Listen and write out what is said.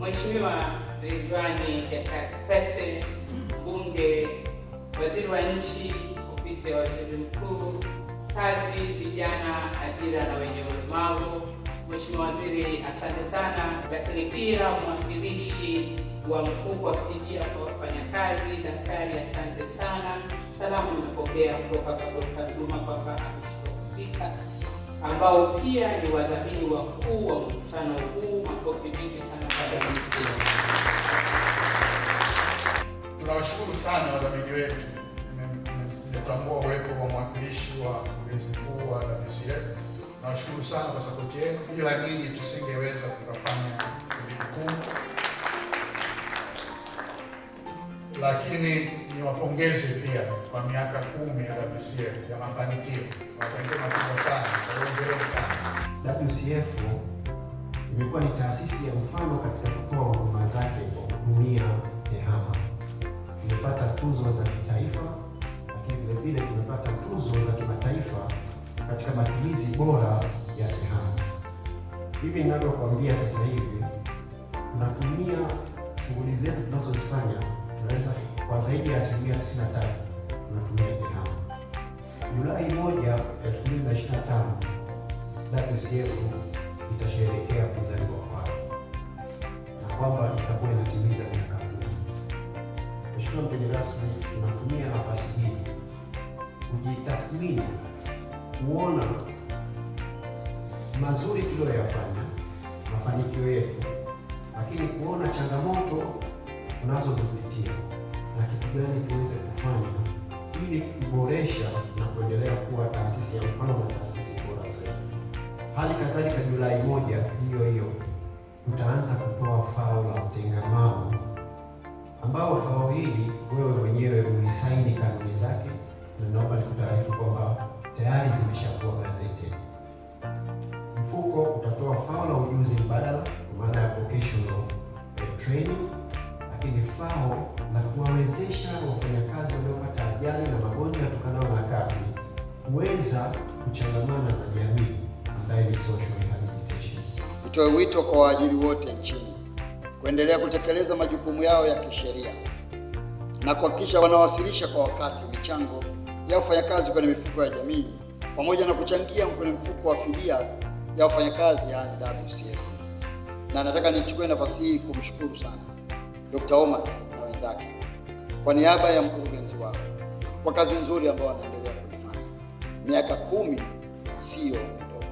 Mheshimiwa Ridhiwani Kikwete, mbunge, waziri wa nchi ofisi ya waziri mkuu, kazi, vijana, ajira na wenye ulemavu, Mheshimiwa Waziri, asante sana, lakini pia mwakilishi wa mfuko wa fidia kwa wafanyakazi, daktari, asante sana. Salamu nimepokea kutoka kwa Dokta Juma kwamba ameshakufika, ambao pia ni wadhamini wakuu wa mkutano huu. Makofi mengi sana. Tunawashukuru sana wadhamini wetu. Mmetambua uwepo wa mwakilishi wa mkurugenzi mkuu wa WCF. Nawashukuru sana kwa sapoti yenu, bila nyinyi tusingeweza kukafanya hili. Lakini niwapongeze pia kwa miaka kumi ya WCF ya mafanikio, mafanikio makubwa sana. Hongereni sana. WCF imekuwa ni taasisi ya mfano katika kutoa huduma za tuzo za kitaifa, lakini vile vile tumepata tuzo za kimataifa katika matumizi bora ya tehama. Hivi ninavyokuambia sasa hivi tunatumia shughuli zetu tunazozifanya, tunaweza kwa zaidi ya asilimia 93 tunatumia tehama. Julai moja 2025 WCF itasherehekea kuzaliwa kwake na kwamba itakuwa inatimiza tukiwa mgeni rasmi, tunatumia nafasi hii kujitathmini, kuona mazuri tuliyoyafanya, mafanikio yetu, lakini kuona changamoto tunazozipitia na kitu gani tuweze kufanya ili kuboresha na kuendelea kuwa taasisi ya mfano na taasisi bora zaidi. Hali kadhalika Julai moja hiyo hiyo tutaanza kutoa fao la utengamao ambao hawawili wewe mwenyewe ulisaini kanuni zake, na naomba nikutaarifu kwamba tayari zimeshakuwa gazeti. Mfuko utatoa FAO la ujuzi mbadala kwa maana ya vocational eh, training, lakini FAO la kuwawezesha wafanyakazi waliopata ajali na magonjwa yatokanayo na kazi kuweza kuchangamana na jamii ambayo ni social rehabilitation. Utoe wito kwa waajiri wote nchini kuendelea kutekeleza majukumu yao ya kisheria na kuhakikisha wanawasilisha kwa wakati michango ya wafanyakazi kwenye mifuko ya jamii pamoja na kuchangia kwenye mfuko wa fidia ya wafanyakazi ya WCF. Na nataka nichukue nafasi hii kumshukuru sana Dr. Omar na wenzake kwa niaba ya mkurugenzi wao kwa kazi nzuri ambayo wanaendelea kuifanya. Miaka kumi siyo ndogo.